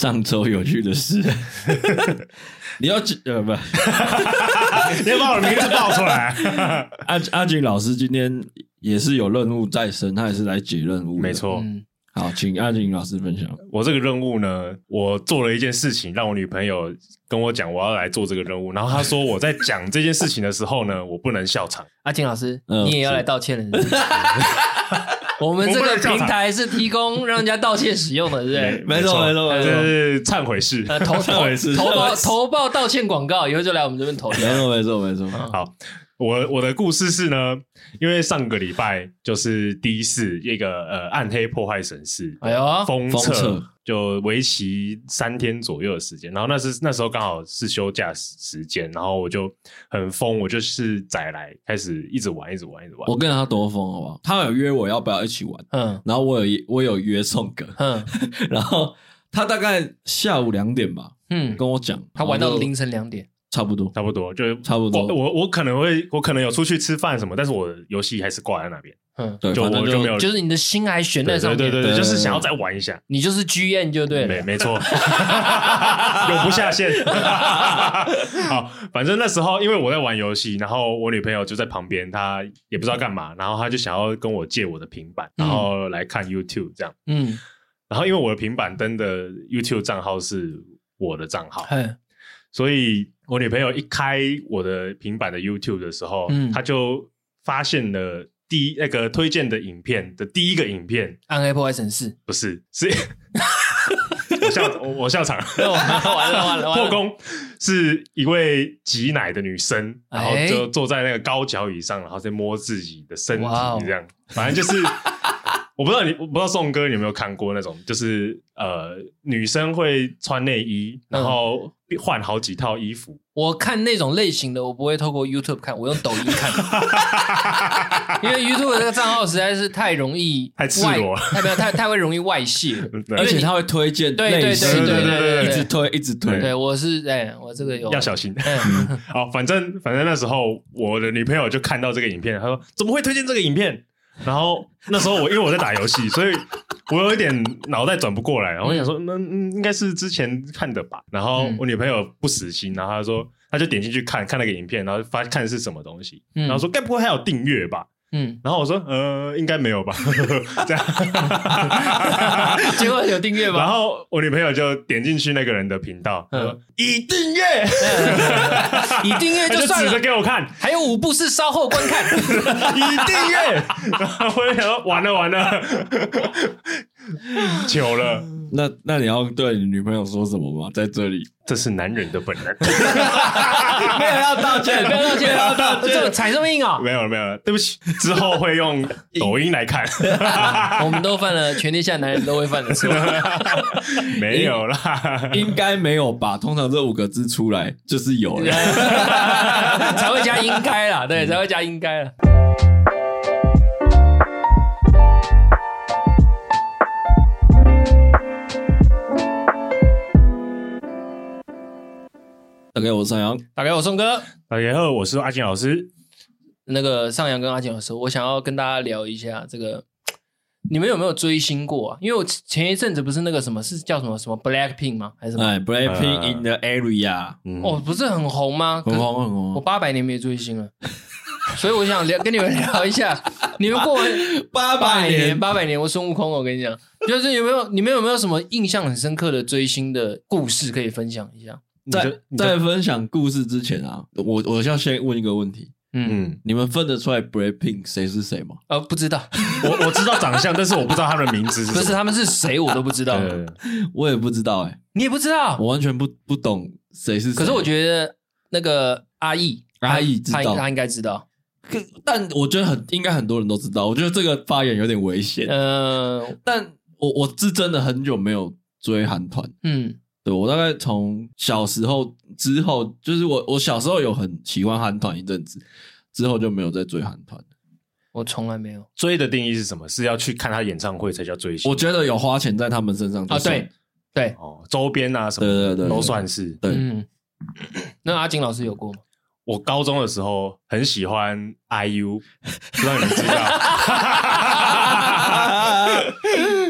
上週有趣的事 你要解呃不？ 你要把我的名字報出來啊 啊。阿阿錦老師今天也是有任務在身，他也是來解任務。沒錯、嗯，好，請阿錦老師分享。我這個任務呢，我做了一件事情，讓我女朋友跟我講我要來做這個任務，然後她說我在講這件事情的時候呢， 我不能笑場。阿錦老師、嗯，你也要來道歉了我們這個平台是提供讓人家道歉使用的是是，對不對？沒錯，沒錯，這、就是懺悔式，呃、嗯，投懺悔式，投報 投報道歉廣告，以後就來我們這邊投。 沒錯，沒錯，沒錯。好，我我的故事是呢，因為上個禮拜就是第一次一個呃暗黑破壞神事，哎呦，封測。封測就為期三天左右的時間，然後那時那時候剛好是休假時間，然後我就很瘋，我就是再來開始一直玩，一直玩，一直玩。我跟他多瘋好吧？他有約我要不要一起玩，嗯，然後我有我有約宋哥，嗯， 然後他大概下午兩點吧，嗯，跟我講，他玩到凌晨兩點。差不多，差不多就差不多。我我，我可能會，我可能有出去吃飯什麼，但是我遊戲還是掛在那邊，嗯。就沒有就是你的心還懸在上面，對對對對對對對對，對對對，就是想要再玩一下。你就是 G N 就對了，沒沒錯，永 不下線。 好，反正那時候因為我在玩遊戲，然後我女朋友就在旁邊，她也不知道幹嘛，嗯，然後她就想要跟我借我的平板，然後來看 YouTube 這樣。嗯，然後因為我的平板登的 YouTube 賬號是我的賬號，嗯。所以。我女朋友一開我的平板的 YouTube 的時候，嗯，他就發現了第一那個推薦的影片的第一個影片《暗黑破壞神四》，不是是，我， 笑我我笑場、哦，完了完了，完了，破功是一位擠奶的女生，然後就坐在那個高腳椅上，然後在摸自己的身體，這樣、哦，反正就是。 我不知道你，我不知道宋哥你有沒有看過那種，就是呃，女生會穿內衣，然後換好幾套衣服、嗯。我看那種類型的，我不會透過 YouTube 看，我用抖音看， 因為 YouTube 這個賬號實在是太容易外，太赤裸太太會容易外泄，而且它會推薦，對對對對對，對，對對對對，一直推一直推。對，對我是哎、欸，我這個有要小心、欸嗯。好，反正反正那時候我的女朋友就看到這個影片，她說：“怎麼會推薦這個影片？” 然後那時候我因為我在打遊戲， 所以我有一點腦袋轉不過來。然後我想說，那、嗯嗯、應該是之前看的吧。然後、嗯、我女朋友不死心，然後她說，她就點進去看看那個影片，然後發看是什麼東西、嗯，然後說，該不會還有訂閱吧？嗯，然後我說，呃，應該沒有吧，呵呵這樣， 結果有訂閱吧。然後我女朋友就點進去那個人的頻道，嗯、說已訂閱，已訂， 訂閱就算了，指着給我看，還有五部是稍後觀看，已 訂閱。 然後我就想說，完了完了。 久了，那那你要對你女朋友說什麼嗎？在這裡，這是男人的本能。 沒有要道歉，沒有道歉，要道歉， 道歉 踩這麼硬啊？沒有了，沒有了，對不起。之後會用抖音來看。 我們都犯了，全天下男人都會犯的錯。 沒有啦，應該沒有吧？通常這五個字出來就是有了， 才會加應該啦。對，嗯、才會加應該了。打開我上楊，打給我宋哥，然後我是阿金老師。那個上揚跟阿金老師，我想要跟大家聊一下這個，你們有沒有追星過啊？因為我前一陣子不是那個什麼是叫什麼什麼 Blackpink 嗎？還是什麼？Blackpink in the area、嗯、哦，不是很紅嗎？很、嗯、紅，紅很紅。我八百年沒追星了， 所以我想聊跟你們聊一下。 你們過完八,八百年，八百年，八百年我孫悟空，我跟你講，就是有沒有你們有沒有什麼印象很深刻的追星的故事可以分享一下？在在分享故事之前啊，就我我需要先問一個問題，嗯，你們分得出來 BLACKPINK 誰是誰嗎？呃，不知道， 我我知道長相， 但是我不知道他們的名字是。可是他們是誰，我都不知道， 對對對，我也不知道。欸，哎，你也不知道，我完全不不懂誰是誰。可是我覺得那個阿易阿易知啊道，他應該知道。可但我覺得很應該很多人都知道。我覺得這個發言有點危險。呃，但我我是真的很久沒有追韓團，嗯。我大概從小時候之後，就是我我小時候有很喜歡韓團一陣子，之後就沒有再追韓團。我從來沒有。追的定義是什麼？是要去看他演唱會才叫追星？我覺得有花錢在他們身上啊，對對哦周邊啊什麼對對對對，都算是。對，對,對,對, 對。 那阿金老師有過嗎 我高中的時候很喜歡 IU，讓 你知道。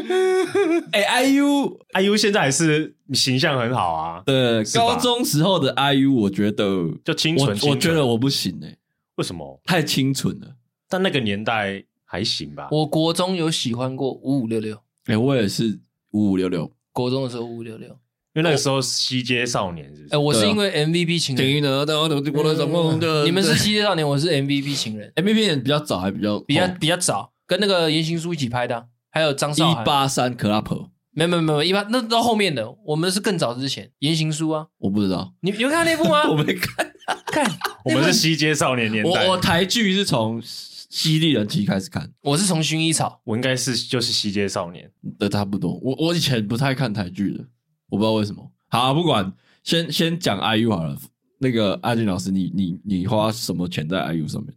哎、欸、，IU，IU 現在還是形象很好啊。對，高中時候的 IU，我覺得我就清純。我覺得我不行哎、欸，為什麼？太清純了。但那個年代還行吧。我國中有喜歡過五五六六。哎、欸，我也是五五六六。國中的時候五五六六，因為那個時候西街少年是，不是、喔欸。我是因為 MVP 情人。等於呢，對，國中總共你們是西街少年，我是 MVP 情人。 MVP 情人比較早，還比較比較比較早，跟那個言行書一起拍的、啊。還有張韶涵、一八三、Club，沒有沒有沒有一八，18, 那到後面的我們是更早之前《言行書》啊，我不知道你，有看那部嗎？ 我沒看， 看我們是《西街少年》年代我，我台劇是從《犀利人妻》開始看，我是從《薰衣草》，我應該是就是《西街少年》的差不多，我我以前不太看台劇的，我不知道為什麼。好，不管先先講 IU 好了，那個阿俊老師，你你你花什麼錢在 IU 上面？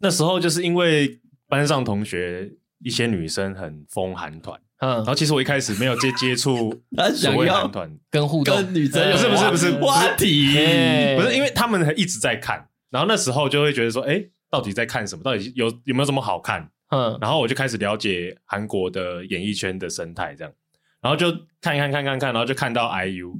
那時候就是因為班上同學。一些女生很瘋韓團，嗯，然後其實我一開始沒有接接觸，想要跟互動跟女生有，不是不是不是話題，不是因為他們一直在看，然後那時候就會覺得說，哎、欸，到底在看什麼？到底有有沒有什麼好看？嗯，然後我就開始了解韓國的演藝圈的生態，這樣，然後就看一看看看看，然後就看到 IU，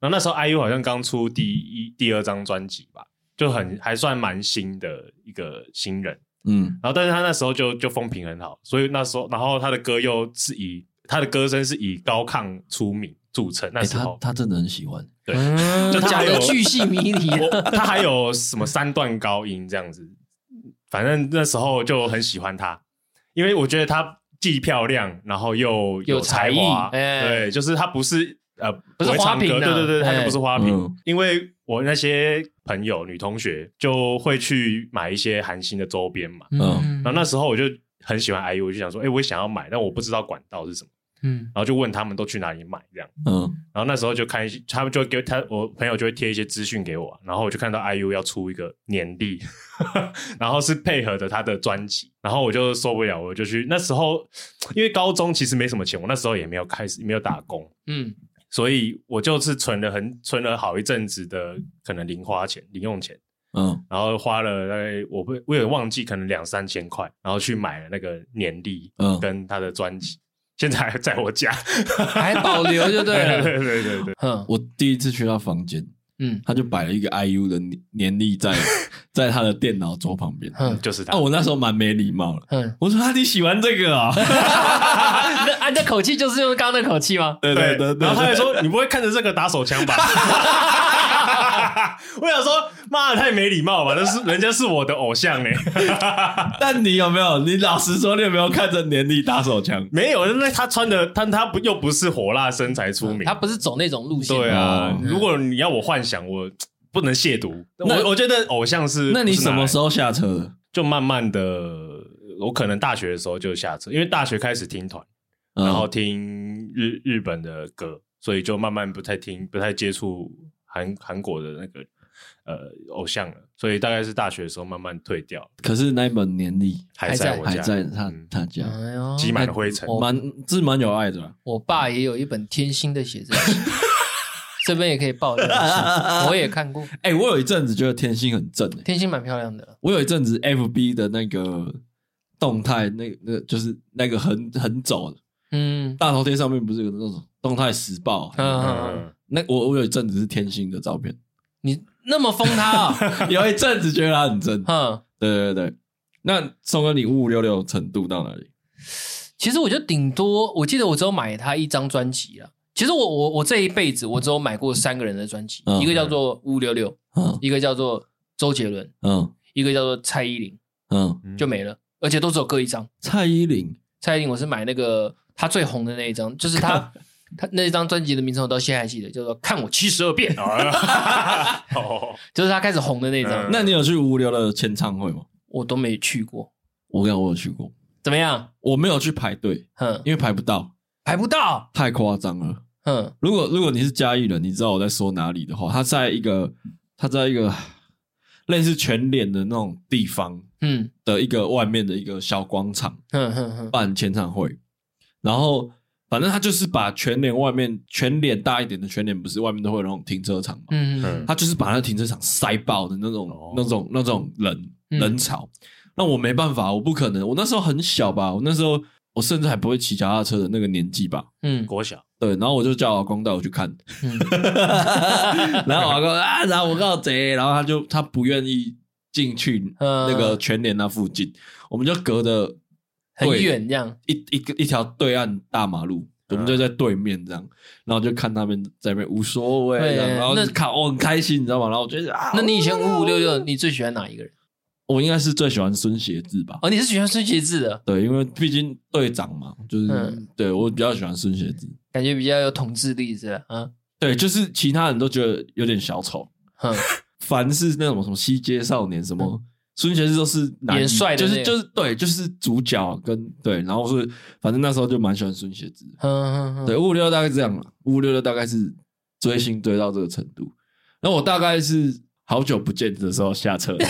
然後那時候 IU 好像剛出第一第二張專輯吧，就很還算蠻新的一個新人。嗯，然後但是他那時候就就風評很好，所以那時候，然後他的歌又是以他的歌聲是以高亢出名著稱。那時候、欸、他，他真的很喜歡，對，嗯、就他有假的巨細靡遺、啊，他還有什麼三段高音這樣子，反正那時候就很喜歡他，因為我覺得他既漂亮，然後又有才華，才藝對、欸，就是他不是呃不是花瓶，對對對，他就不是花瓶，嗯、因為。我那些朋友、女同學就會去買一些韓星的周邊嘛，嗯，然後那時候我就很喜歡 IU，我就想說，哎、欸，我想要買，但我不知道管道是什麼，嗯，然後就問他們都去哪裡買這樣，嗯，然後那時候就看一些，他們就給他我朋友就會貼一些資訊給我，然後我就看到 IU 要出一個年曆， 然後是配合著他的專輯，然後我就受不了，我就去，那時候因為高中其實沒什麼錢，我那時候也沒有開始也沒有打工，嗯。所以我就是存了很存了好一陣子的可能零花錢、零用錢，嗯，然後花了大概我，我不我也忘記可能兩三千塊，然後去買了那個年曆，嗯，跟他的專輯、嗯，現在還在我家還保留，就對了， 對,對,對對對對，嗯，我第一次去他房間，嗯，他就擺了一個 IU 的年歷在在他的電腦桌旁邊，嗯，就是他，哦、啊，我那時候蠻沒禮貌的，嗯，我說啊，你喜歡這個啊、哦？ 他、啊、這口氣就是用剛那口氣嗎？對對對，對， 然後他還說：“你不會看着這個打手槍吧？”哈哈哈。我想說，媽的，太沒禮貌了。但是人家是我的偶像呢。哈哈哈。但你有沒有？你老實說，你有沒有看着年曆打手槍？沒有，因為他穿的，他他不又不是火辣身材出名，嗯、他不是走那種路線。對啊，如果你要我幻想，我不能褻瀆。我我覺得偶像是……那你什麼時候下車？就慢慢的，我可能大學的時候就下車，因為大學開始聽團。然後聽日日本的歌，所以就慢慢不太聽、不太接觸韓韓國的那個呃偶像了。所以大概是大學的時候慢慢退掉。可是那一本年曆還在還在，我家還在他、嗯、他家，積滿灰塵，蠻這是蠻有愛的、啊。我爸也有一本天心的寫真， 這邊也可以爆。 我也看過。哎、欸，我有一陣子覺得天心很正、欸，天心蠻漂亮的、啊。我有一陣子 F B 的那個動態，嗯、那那個、就是那個很很走的。嗯，大頭貼上面不是有那種動態時報？嗯，嗯嗯，那我我有一陣子是天心的照片，你那麼瘋他、啊， 有一陣子覺得他很真。嗯，對對對。那送你五五六六程度到哪裡？其實我就頂多，我記得我只有買他一張專輯啊。其實我我我這一輩子我只有買過三個人的專輯、嗯，一個叫做五五六六，嗯，一個叫做周杰倫，嗯，一個叫做蔡依林，嗯，就沒了，而且都只有各一張。蔡依林，嗯、蔡依林，我是買那個。他最紅的那一張，就是他他那一張專輯的名稱我到現在還記得，叫做《看我七十二變。》 就是他開始紅的那一張。那你有去無聊的簽唱會嗎？我都沒去過。我跟我有去過。怎麼樣？我沒有去排隊，嗯，因為排不到，排不到，太誇張了。嗯，如果如果你是嘉義人，你知道我在說哪裡的話，他在一個他在一個類似全聯的那種地方，嗯，的一個外面的一個小廣場，嗯嗯嗯，辦簽唱會。哼哼哼然後，反正他就是把全聯外面，全聯大一點的全聯，不是外面都會有那種停車場嘛，嗯。嗯嗯，他就是把那停車場塞爆的那種、哦、那種那種人人潮，嗯。那我沒辦法，我不可能。我那時候很小吧，我那時候我甚至還不會騎腳踏車的那個年紀吧。嗯，國小。對，然後我就叫我阿公帶我去看。嗯、 然後我阿公啊，然後我告訴賊，然後他就他不願意進去那個全聯那附近、嗯，我們就隔着。很遠，這樣一一個一條對岸大馬路，我們就在對面這樣，嗯、然後就看他們在那邊無所謂，然後看我、哦、很開心，你知道嗎？然後我覺得啊，那你以前5566，你最喜歡哪一個人？我應該是最喜歡孫協志吧？哦，你是喜歡孫協志的？對，因為畢竟隊長嘛，就是、嗯、對我比較喜歡孫協志，感覺比較有統治力是吧、啊？對，就是其他人都覺得有點小丑，嗯、 凡是那種什麼，什麼西街少年什麼。嗯孫協志都是難演的，就是就是對，就是主角跟對，然後是反正那時候就蠻喜歡孫協志。呵呵呵，對，五五六六大概是這樣了，五五六六大概是追星追到這個程度。那我大概是好久不見的時候下車了，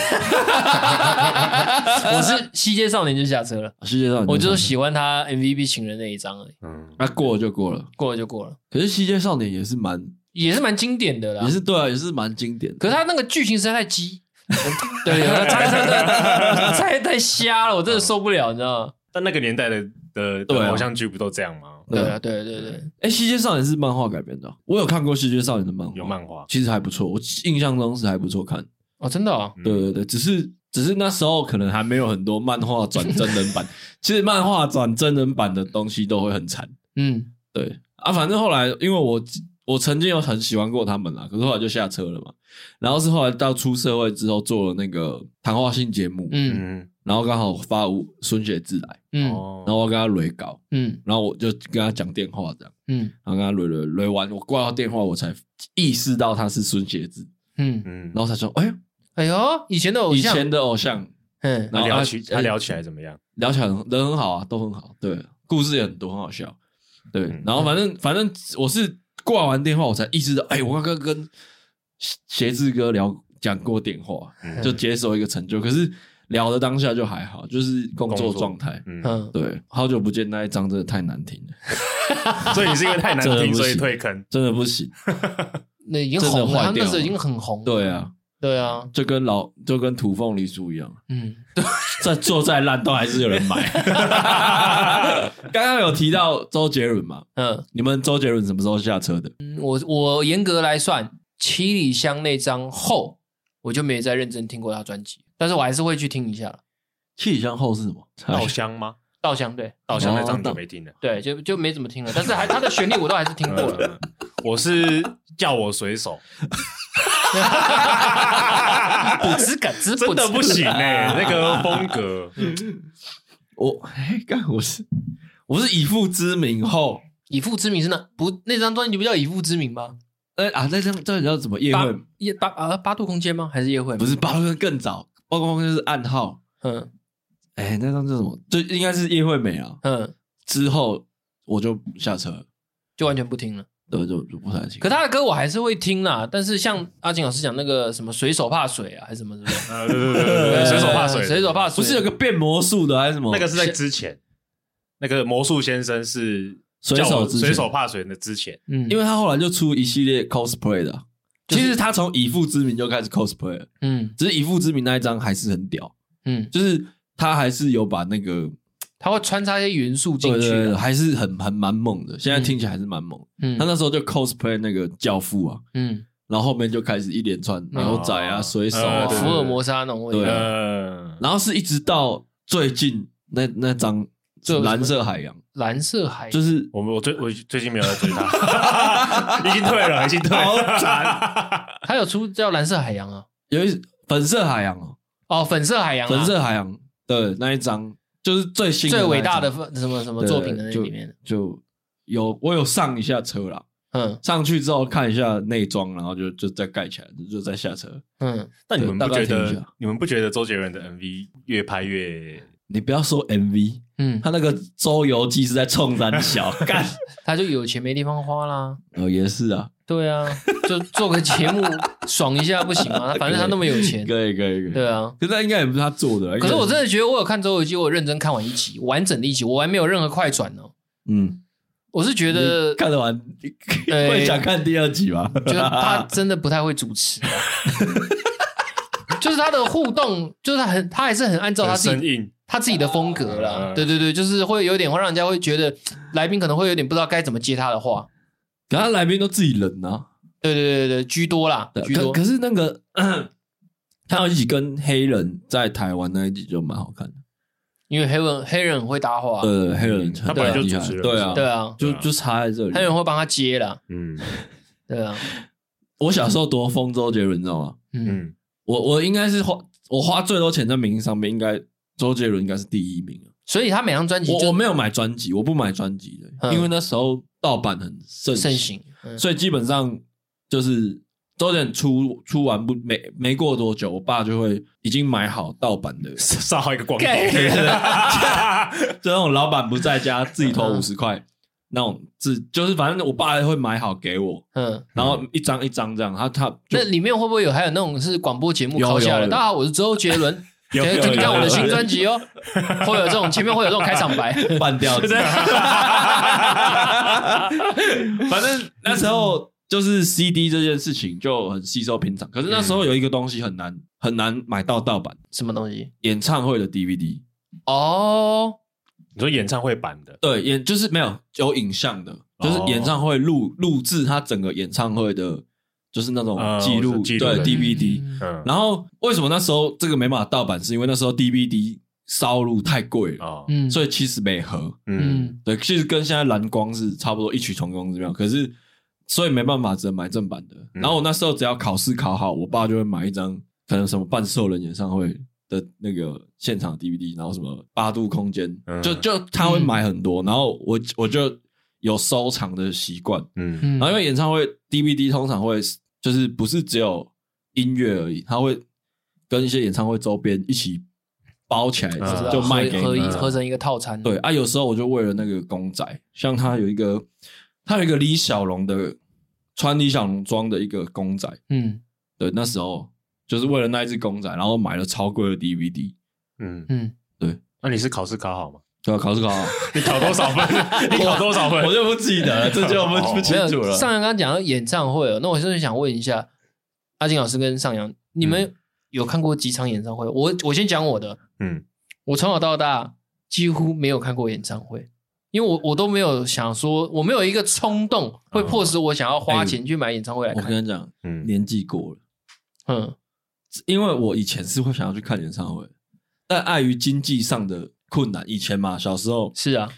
我是西街少年就下車了《西街少年》就下車了，《西街少年》，我就喜歡他 M V P 情人那一張而已。嗯，那、啊、過了就過了，過了就過了。可是《西街少年也是蠻》也是蠻也是蠻經典的啦，也是對啊，也是蠻經典的。可是他那個劇情實在太雞。 對，有 在猜。猜太太瞎了，我真的受不了，你知道嗎？但那個年代的的偶像劇不都這樣嗎？對啊，對對，對對。哎、欸，《視覺少年》是漫畫改編的，我有看過《視覺少年》的漫畫，有漫畫，其實還不錯，我印象中是還不錯看哦，真的啊、哦嗯？對對對，只是只是那時候可能還沒有很多漫畫轉真人版， 其實漫畫轉真人版的東西都會很慘。嗯，對啊，反正後來因為我。我曾經有很喜歡過他們啦，可是後來就下車了嘛。然後是後來到出社會之後，做了那個談話性節目，嗯，然後剛好發吳孫協志來，嗯，然後我跟他擂稿，嗯，然後我就跟他講電話這樣，嗯，然後跟他擂擂擂完，我掛了電話，我才意識到他是孫協志，嗯嗯，然後他說，欸、哎呦，以前的偶像，以前的偶像，嗯，他聊起他聊起來怎麼樣？聊起來人很好啊，都很好，對，故事也很多，很好笑，對，然後反正、嗯、反正我是。掛完電話，我才意識到，哎、欸，我剛剛跟鞋子哥聊講過電話、嗯，就接受一個成就。可是聊的當下就還好，就是工作狀態。嗯，對，嗯、好久不見那一張真的太難聽了， 所以你是因為太難聽，所以退坑，真的不行。 不行 那已經紅了，真的了，他那時候已經很紅，對啊。對啊，就跟老就跟土鳳梨酥一樣。嗯，再做再爛，都還是有人買。剛 剛有提到周杰倫嘛，嗯，你們周杰倫什麼時候下車的？嗯，我我嚴格來算，《七里香》那張後，我就沒再認真聽過他專輯，但是我還是會去聽一下。《七里香》後是什麼？稻香嗎？稻香對，稻香那張你都沒聽的，哦、對，就就沒怎麼聽了，但是還他的旋律我都還是聽過了。 我是叫我隨手。哈哈哈！哈哈哈哈哈！補不行哎、欸，那個風格， 我哎，幹、欸，我是我是以父之名後，以父之名是那，不那張專輯不叫以父之名嗎？呃、欸、啊，那張這叫什麼？葉惠、葉八,八啊，八度空間嗎？還是葉惠？不是八度空間更早，八度空間是暗號。嗯，哎、欸，那張叫什麼？就應該是葉惠美啊。嗯，之後我就下車，就完全不聽了。對就，就不太行。可他的歌我還是會聽啦，但是像阿金老師講那個什麼“水手怕水”啊，還是什麼什麼、啊 欸？水手怕水，水手怕水。不是有個變魔術的還是什麼？那個是在之前，那個魔術先生是水手之，水手怕水的之前。嗯，因為他後來就出一系列 cosplay 的、啊，其實他從《以父之名》就開始 cosplay。嗯，只是《以父之名》那一張還是很屌。嗯，就是他還是有把那個。他會穿插一些元素進去，對，對，對，對，還是很很蠻猛的。現在聽起來還是蠻猛。嗯，他那時候就 cosplay 那個教父啊，嗯，然後後面就開始一連串牛仔啊、嗯、水手、啊哦，對對對，福爾摩沙那種味道。對，然後是一直到最近那那張藍色海洋，藍色海洋就是我我最我最近沒有在追他， 已經退了，已經退。好慘，它有出叫藍色海洋啊，有一粉色海洋、喔、哦。哦粉、啊、粉色海洋，粉色海洋的那一張。就是最新、最偉大的什麼什麼作品的那裡面就，就有我有上一下車啦，嗯，上去之後看一下內裝，然後就就再蓋起來，就再下車，嗯。但你們，你們不覺得？你們不覺得周杰倫的 MV 越拍越？你不要說 MV，嗯，他那個周遊記是在沖咱小幹， 他就有錢沒地方花啦。呃，也是啊，對啊，就做個節目爽一下不行嗎？ 反正他那麼有錢，可以可以，可以，對啊，可是他應該也不是他做的。可是我真的覺得我，我有看周遊記，我認真看完一集完整的，一集我還沒有任何快轉呢。嗯，我是覺得看得完、欸，會想看第二集嗎？ 就是他真的不太會主持， 就是他的互動，就是他很他還是很按照他自己他自己的風格啦、啊，對對對，就是會有點會讓人家會覺得來賓可能會有點不知道該怎麼接他的話。其他來賓都自己人呐、啊，對對對對，居多啦，居多可。可是那個他有一集跟黑人在台灣那一集就蠻好看的，因為黑人黑人很會搭話，對對，對，黑、嗯、人他本來就主持對、啊對啊對啊，對啊，對啊，就就插在這裡，黑人會幫他接啦，嗯，對啊。我小時候多瘋周杰倫，Jerry, 你知道嗎？嗯，我我應該是花我花最多錢在明星上面，應該。周杰倫應該是第一名了，所以他每張專輯，我我沒有買專輯，我不買專輯的、嗯，因為那時候盜版很盛行，盛行、嗯，所以基本上就是周杰倫出出完不沒沒過多久，我爸就會已經買好盜版的， 上好一個廣告，okay. Okay, 就那種老闆不在家，自己投五十塊那種自就是反正我爸會買好給我，嗯，然後一張一張這樣，他他那裡面會不會有還有那種是廣播節目敲下的？有有有有有，大家好，我是周杰倫。 有，你看我的新專輯哦，會有這種前面會有這種開場白， 半吊子。 反正那時候就是 CD 這件事情就很稀鬆平常，可是那時候有一個東西很難、嗯、很難買到盜版，什麼東西？演唱會的 DVD 哦，oh? 你說演唱會版的？對，演就是沒有有影像的，就是演唱會錄錄制他整個演唱會的。就是那種、啊、是記錄對 D V D，然後為什麼那時候這個沒辦法盜版？是因為那時候 D V D 燒錄太貴了、嗯，所以其實沒合。嗯，對，其實跟現在藍光是差不多異曲同工之妙。嗯，可是所以沒辦法，只能買正版的。然後我那時候只要考試考好，我爸就會買一張，可能什麼半獸人演唱會的那個現場 D V D，然後什麼八度空間，嗯、就就他會買很多。嗯、然後我我就有收藏的習慣。嗯，然後因為演唱會 D V D 通常會。就是不是只有音樂而已，他會跟一些演唱會周邊一起包起來，啊、就賣給合合合成一個套餐。嗯、對啊，有時候我就為了那個公仔，像他有一個，他有一個李小龍的穿李小龍裝的一個公仔。嗯，對，那時候就是為了那一隻公仔，然後買了超貴的 DVD。嗯嗯，對。那、啊、你是考試考好嗎？對考試考好，你考多少分？ 你考多少分？ 我， 我就不記得了，這就我們不清楚了。上陽剛剛講到演唱會了，那我真的想問一下阿金老師跟上陽，你們有看過幾場演唱會？嗯、我我先講我的，嗯，我從小到大幾乎沒有看過演唱會，因為我我都沒有想說，我沒有一個衝動會迫使我想要花錢去買演唱會來看。哎、我跟你講，嗯，年紀過了，嗯，因為我以前是會想要去看演唱會，但礙於經濟上的。困難以前嘛，小時候是啊，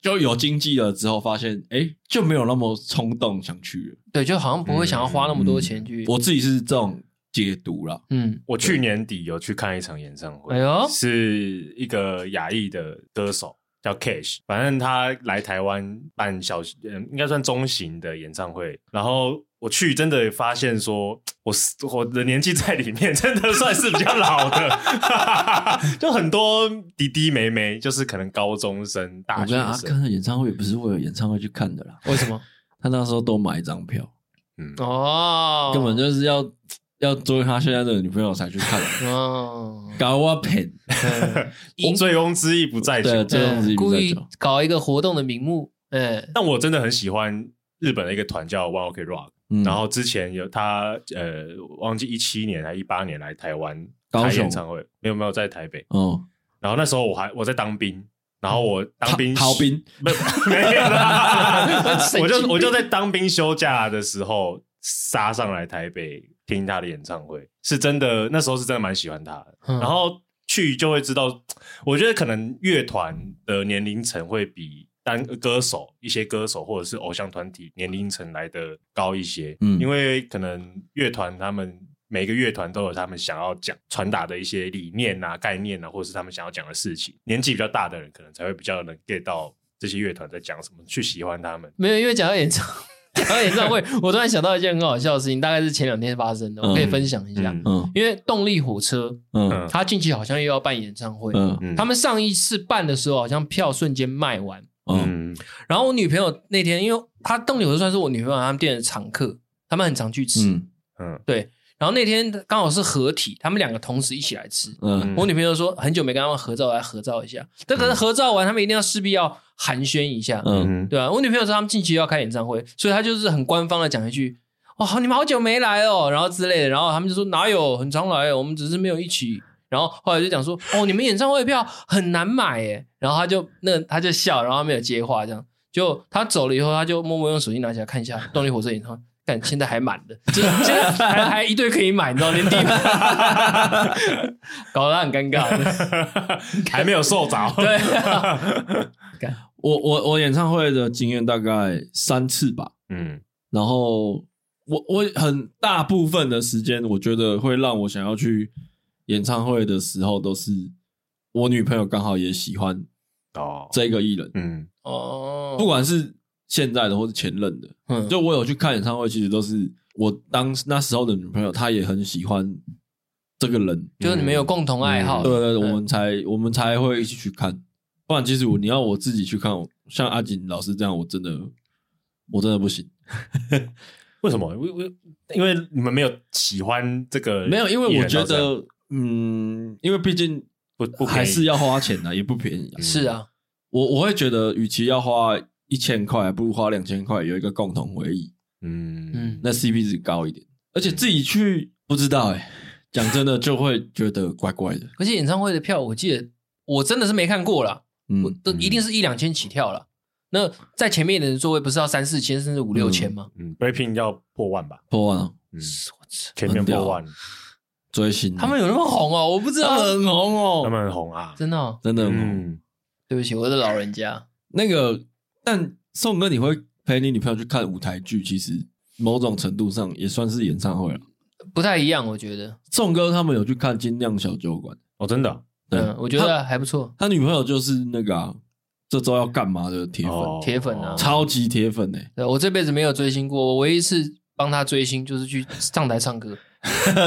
就有經濟了之後，發現哎、欸、就沒有那麼衝動想去。對，就好像不會想要花那麼多錢去。嗯嗯、我自己是這種解讀了，嗯，我去年底有去看一場演唱會，哎呦，是一個亞裔的歌手。叫 Cash，反正他來台灣辦小，嗯，應該算中型的演唱會。然後我去，真的發現說，我我的年紀在裡面，真的算是比較老的， 就很多弟弟妹妹，就是可能高中生、大學生。我覺得他看演唱會不是為了演唱會去看的啦。為什麼？他那時候都買一張票，嗯，哦、oh，根本就是要。要作為他現在的女朋友才去看哦，搞我騙，哈、嗯、哈。醉 翁之意不在、哦，對，醉翁之意不在、呃。故意搞一個活動的名目，嗯、呃。但我真的很喜歡日本的一個團叫 One Ok Rock，、嗯、然後之前有他，呃，忘記一七年還一八年來台灣開演唱會，沒有沒有在台北？嗯、哦。然後那時候我還我在當兵，然後我當兵逃兵，不，沒有啦。 我就我就在當兵休假的時候殺上來台北。聽他的演唱會是真的，那時候是真的蠻喜歡他的。嗯。然後去就會知道，我覺得可能樂團的年齡層會比單歌手，一些歌手或者是偶像團體年齡層來得高一些。嗯，因為可能樂團他們每個樂團都有他們想要講、傳達的一些理念啊、概念啊，或者是他們想要講的事情。年紀比較大的人，可能才會比較能 get 到這些樂團在講什麼，去喜歡他們。沒有，因為講到演唱開演唱會，我突然想到一件很好笑的事情，大概是前兩天發生的，我可以分享一下。嗯，因為動力火車，嗯，他近期好像又要辦演唱會。嗯嗯，他們上一次辦的時候，好像票瞬間賣完。嗯，然後我女朋友那天，因為她動力火車算是我女朋友他們店的常客，他們很常去吃。嗯，對。然後那天剛好是合體，他們兩個同時一起來吃。嗯，我女朋友說很久沒跟他們合照，來合照一下。但可能合照完，嗯，他們一定要勢必要寒暄一下。嗯，對啊。我女朋友說他們近期要開演唱會，所以她就是很官方的講一句：“哇，哦，你們好久沒來哦。”然後之類的。然後他們就說：“哪有，很常來，我們只是沒有一起。”然後後來就講說：“哦，你們演唱會票很難買耶。”然後他就那他就笑，然後他沒有接話，這樣就他走了以後，他就默默用手機拿起來看一下動力火車演唱會。但現在還滿的，就是還 還，還一對可以買，你知道，連地 搞得很尷尬，還沒有受着。 對 我，我我我演唱會的經驗大概三次吧，嗯，然後我我很大部分的時間，我覺得會讓我想要去演唱會的時候，都是我女朋友剛好也喜歡哦這個藝人，哦、嗯，哦，不管是。現在的或是前任的，嗯、就我有去看演唱會，其實都是我當那時候的女朋友，她也很喜歡這個人，就是你們有共同愛好、嗯，對對,對，我們才、嗯、我們才會一起去看，不然其實你要我自己去看，像阿錦老師這樣，我真的我真的不行， 為什麼？因為你們沒有喜歡這個，沒有，因為我覺得，嗯，因為畢竟我我還是要花錢的、啊，也不便宜、啊， 是啊，我我會覺得，與其要花。一千塊不如花兩千塊，有一個共同回憶，嗯，那 CP 值高一點、嗯，而且自己去不知道哎、欸，講真的就會覺得怪怪的。而且演唱會的票，我記得我真的是沒看過啦，嗯，都一定是一兩千起跳啦、嗯。那在前面的人座位不是要三四千，甚至五六千嗎？嗯 VIP 要破萬吧？破萬，、啊嗯前破萬嗯，前面破萬，追星、欸，他們有那麼紅哦、喔？我不知道、啊、很紅哦、喔，他們很紅啊，真的、喔，真的很紅。嗯、對不起，我是老人家，那個。但宋哥，你會陪你女朋友去看舞台劇，其實某種程度上也算是演唱會了，不太一樣，我覺得。宋哥他們有去看《金亮小酒館》哦，真的、啊，對、嗯。我覺得、啊、還不錯。他女朋友就是那個、啊、這周要幹嘛的鐵粉，鐵、哦、粉呢、啊，超級鐵粉呢、欸。對，我這輩子沒有追星過，我唯一一次幫他追星就是去上台唱歌，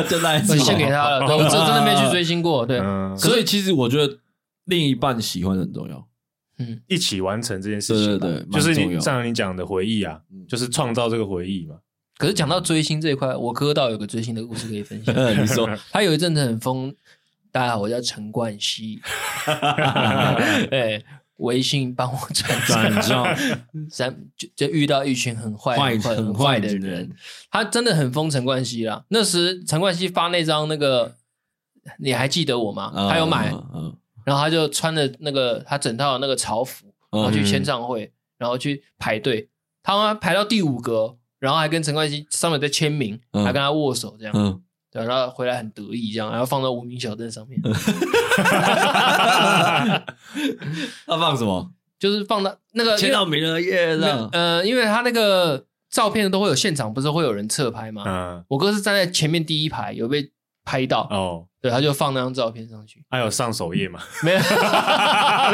就那一次獻給他了。我真真的沒去追星過，對、嗯。所以其實我覺得，另一半喜歡很重要。嗯、一起完成這件事情，對，對，對，就是你剛你講的回憶啊，嗯、就是創造這個回憶嘛。可是講到追星這一塊，我哥倒有個追星的故事可以分享。 他有一陣子很瘋，大家好，我叫陳冠希。哈哈哈！哈哈！哈。微信幫我轉轉帳，三 就就遇到一群很壞很壞的，的人，他真的很瘋陳冠希啦。那時陳冠希發那張那個，你還記得我嗎？他有買 uh, uh, uh. 然後他就穿着那個他整套的那個潮服，嗯，然後去簽唱會，嗯，然後去排隊，他排到第五格，然後還跟陳冠希上面在簽名，嗯，還跟他握手這樣，嗯、對、啊，然後回來很得意這樣，然後放到無名小站上面，嗯、 他放什麼？就是放到那個簽到名了 yeah、呃，因為他那個照片都會有現場，不是會有人側拍嗎、嗯？我哥是站在前面第一排，有被。拍到哦，oh. 對，他就放那張照片上去，還有上首頁嘛？ 沒有，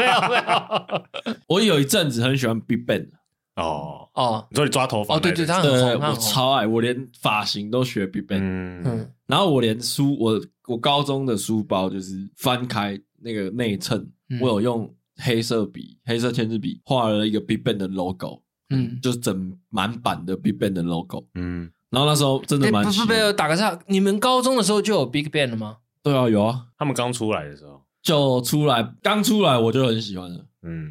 沒有，沒有。 我有一陣子很喜歡 BigBang 哦哦，oh. Oh. 你說你抓頭髮哦、oh. oh.？對，對對，他很紅，我超愛，我連髮型都學 BigBang，嗯，然後我連書，我我高中的書包就是翻開那個內襯、嗯，我有用黑色筆、黑色簽字筆畫了一個 BigBang 的 logo，嗯，嗯就是整滿版的 BigBang 的 logo，嗯。然後那時候真的蠻喜歡的、欸、不不，不，打個岔，你們高中的時候就有 Big Bang 了嗎？對啊，有啊，他們剛出來的時候就出來，剛出來我就很喜歡了。嗯，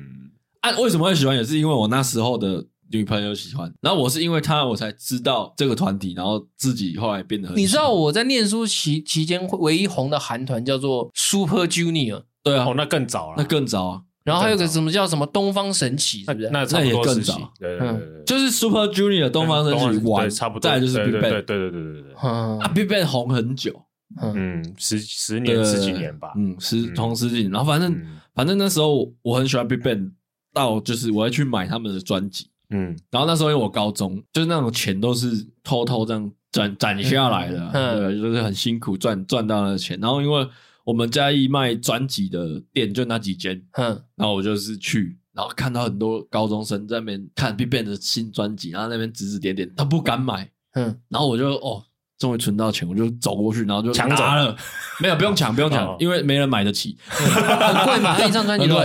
啊，為什麼會喜歡？也是因為我那時候的女朋友喜歡，然後我是因為她，我才知道這個團體，然後自己後來變得很喜歡。你知道我在念書期期間唯一紅的韓團叫做 Super Junior。對啊，哦，那更早了，那更早啊。然後還有個什麼叫什麼東方神起，那也那也更早，對對對，對，就是 Super Junior 的東方神起。哇、嗯、差不多，再來就是 BigBang。對對對對對啊，BigBang 紅很久，嗯，十、啊、十、啊啊啊啊、年十幾年吧，嗯，十同十幾年、嗯，然後反正、嗯、反正那時候我，我很喜歡 BigBang，到就是我要去買他們的專輯，嗯，然後那時候因為我高中就是那種錢都是偷偷這樣攢攢、嗯、下來的嗯，嗯，就是很辛苦賺賺到的錢，然後因為。我們家一賣專輯的店就那幾間，嗯，然後我就是去，然後看到很多高中生在那邊看 Big Bang 的新專輯，然後那邊指指點點，他不敢買，嗯，然後我就哦，終於存到錢，我就走過去，然後就搶砸了，了，沒有不用搶不用搶，哦，因為沒人買得起，嗯、很貴嘛、哦嗯啊，一張專輯都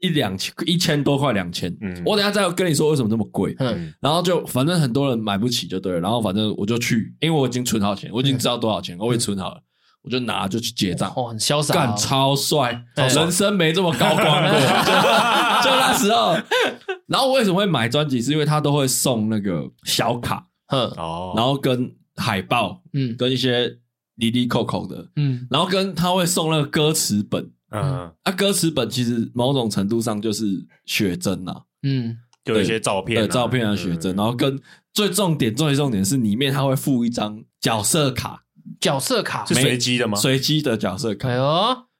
一兩千，一千多塊，兩千,一千,千、嗯，我等一下再跟你說為什麼這麼貴，嗯，然後就反正很多人買不起就對了，然後反正我就去，因為我已經存好錢，我已經知道多少錢，嗯，我已存好了。我就拿就去結賬，哇、哦，很瀟灑、啊，幹超帥，人生沒這麼高光 就，就那時候， 然後為什麼會買專輯？是因為他都會送那個小卡，嗯，哦，然後跟海報，嗯，跟一些哩哩摳摳的，嗯，然後跟他會送那個歌詞本，嗯，啊，歌詞本其實某種程度上就是寫真吶，嗯，有一些照片、啊，照片啊，寫真，然後跟最重點，最重點是裡面他會附一張角色卡。角色卡是隨機的嗎？隨機的角色卡，哎，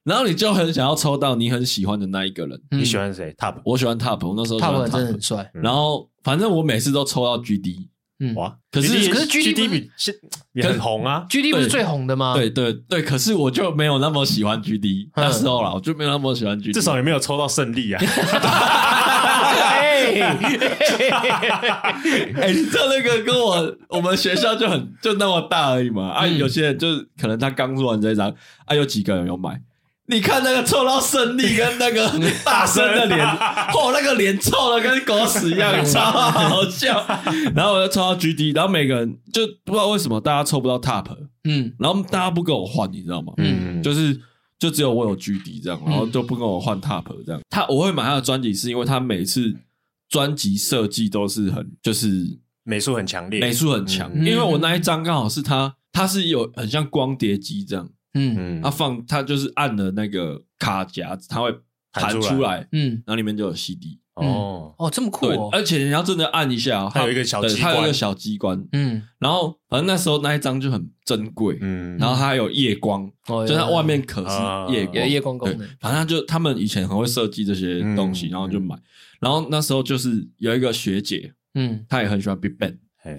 然後你就很想要抽到你很喜歡的那一個人。嗯，你喜歡誰？Top，我喜歡 Top。那時候 Top 真的很帥，嗯。然後反正我每次都抽到 GD，哇，嗯！可是可是 GD 比很紅啊，GD 不是最紅的嗎？對對對，對，可是我就沒有那麼喜歡 GD 那時候了，我就沒有那麼喜歡 GD。至少也沒有抽到勝利啊。 哎、 欸，你知道那個跟我我們學校就很就那麼大而已嘛？啊、嗯，有些人就是可能他剛做完這張啊，有幾個人有買？你看那個抽到勝利跟那個大聲的臉，哦， 那個臉臭的跟狗屎一樣，超好笑。嗯、然後我就抽到 G D，然後每個人就不知道為什麼大家抽不到 Top，嗯，然後大家不跟我換，你知道嗎？嗯，就是就只有我有 G D 這樣，然後就不跟我換 Top 這樣。他我會買他的專輯，是因為他每次。專輯設計都是很就是美術很強烈，美術很強，嗯，因為我那一張剛好是他，他是有很像光碟機這樣，嗯，他放他就是按了那個卡夾，他會彈出，出來，嗯，然後裡面就有 CD。哦、嗯、哦，這麼酷哦！哦，而且你要真的按一下，還有一個小，它有一個小機關。嗯，然後反正那時候那一張就很珍貴。嗯，然後它還有夜光，嗯、就在外面可是夜夜光功能，嗯嗯。反正它就他們以前很會設計這些東西，嗯、然後就買，嗯。然後那時候就是有一個學姐，嗯，她也很喜歡 Big Bang。嘿，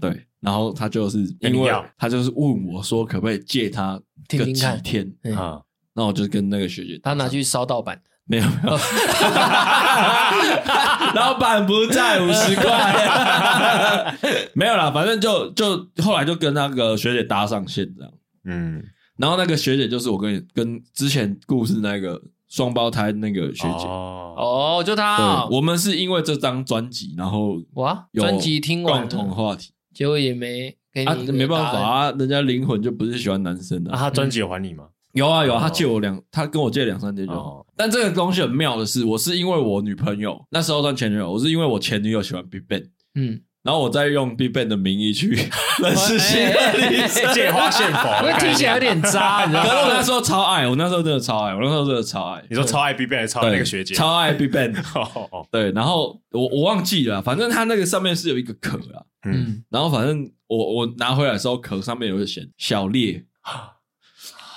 對，然後她就是因為她就是問我說可不可以借她個幾天啊？那我就跟那個學姐，她拿去燒盜版。沒有沒有 老闆不在五十塊， 沒有啦，反正就就後來就跟那個學姐搭上線這樣，嗯，然後那個學姐就是我跟你跟之前故事那個雙胞胎那個學姐哦，就她，我們是因為這張專輯，然後哇，專輯聽完共同話題，結果也沒給你、啊、沒辦法啊，人家靈魂就不是喜歡男生的、啊，那、啊、他專輯有還你嗎？嗯有啊有，啊。他借我兩，oh. 他跟我借兩三天就好。Oh. 但這個東西很妙的是，我是因為我女朋友那時候算前女友，我是因為我前女友喜歡 BigBang，嗯，然後我再用 BigBang 的名義去認識新的女生，oh, 欸欸欸， 借花獻佛，因為聽起來有點渣，你知道嗎？可是 我那時候超愛，我那時候真的超愛，我那時候真的超愛。你說超愛 BigBang，還是超愛那個學姐，超愛 BigBang，oh, oh, oh. 對，然後我我忘記了，反正它那個上面是有一個殼啊，嗯，然後反正我我拿回來的時候殼上面有點小裂。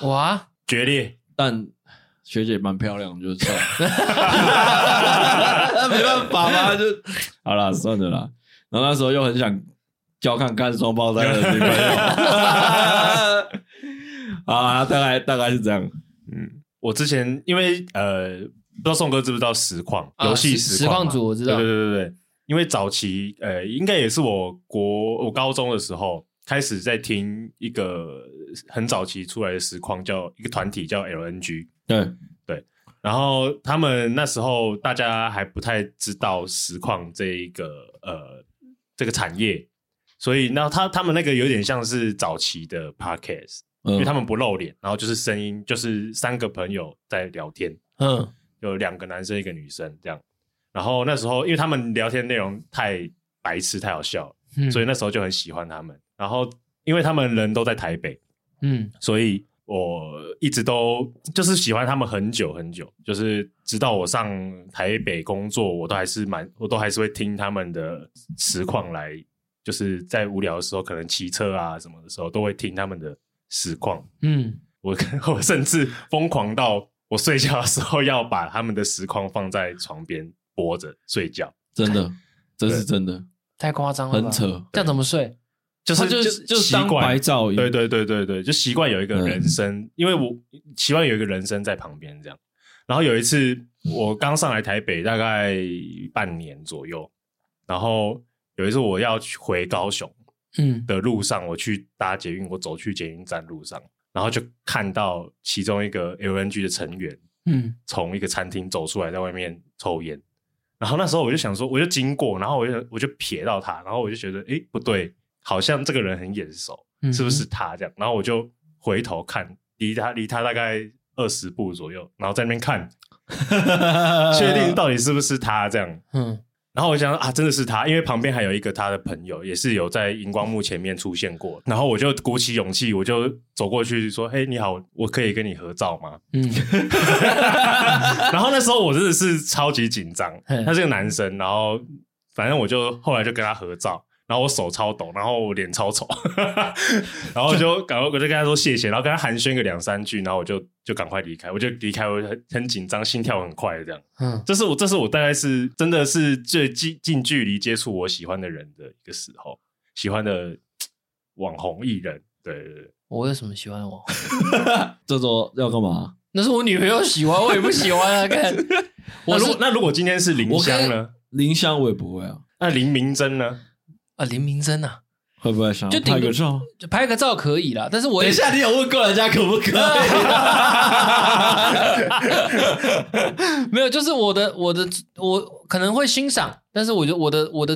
哇，決裂！但學姐蠻漂亮，就是，那 沒辦法嘛，就好了，算了啦。然後那時候又很想交看看雙胞胎的女朋友。 好啊大，大概大概是這樣。嗯，我之前因為呃，不知道宋哥知不知道實況遊戲實況組，實況主我知道。對對對對，因為早期呃，應該也是我國我高中的時候。開始在聽一個很早期出來的實況，叫一個團體叫 LNG 對。對對，然後他們那時候大家還不太知道實況這一個呃這個產業，所以那他他們那個有點像是早期的 podcast、嗯、因為他們不露臉，然後就是聲音，就是三個朋友在聊天，嗯，有兩個男生一個女生這樣。然後那時候因為他們聊天內容太白痴太好笑，嗯、所以那時候就很喜歡他們。然後，因為他們人都在台北，嗯，所以我一直都就是喜歡他們很久很久，就是直到我上台北工作，我都還是蠻，我都還是會聽他們的實況來，就是在無聊的時候，可能騎車啊什麼的時候，都會聽他們的實況，嗯，我我甚至瘋狂到我睡覺的時候要把他們的實況放在床邊播着睡覺，真的，這是真的，太誇張了，很扯，這樣怎麼睡？就是他就就習慣，當白噪音，對對對對對，就習慣有一個人聲，嗯、因為我習慣有一個人聲在旁邊這樣。然後有一次我剛上來台北大概半年左右，然後有一次我要去回高雄，嗯，的路上我去搭捷運，我走去捷運站路上，然後就看到其中一個 LNG 的成員，嗯，從一個餐廳走出來，在外面抽菸。然後那時候我就想說，我就經過，然後我就我就瞥到他，然後我就覺得，哎、欸，不對。好像這個人很眼熟，嗯，是不是他這樣？然後我就回頭看，離他離他大概二十步左右，然後在那邊看，確 定到底是不是他這樣。嗯、然後我想啊，真的是他，因為旁邊還有一個他的朋友也是有在熒光幕前面出現過。然後我就鼓起勇氣，我就走過去說：“哎、hey，你好，我可以跟你合照嗎？”嗯、 然後那時候我真的是超級緊張，他、嗯、是個男生，然後反正我就後來就跟他合照。然後我手超抖，然後我臉超醜， 然後我就趕快，我就跟他說謝謝，然後跟他寒暄個兩三句，然後我就就趕快離開，我就離開，我很緊張，心跳很快，這樣。嗯，這是我這是我大概是真的是最近近距離接觸我喜歡的人的一個時候，喜歡的網紅藝人。對，對，對，我為什麼喜歡網紅？這 週要幹嘛？那是我女朋友喜歡，我也不喜歡啊。 看 如我如那如果今天是林香呢？林香我也不會啊。那林明珍呢？啊，林明珍啊，吶，會不會想拍就拍個照？就拍個照可以了，但是我等一下你有問過人家可不可以？ 沒有，就是我的我的我可能會欣賞，但是我覺得我的我的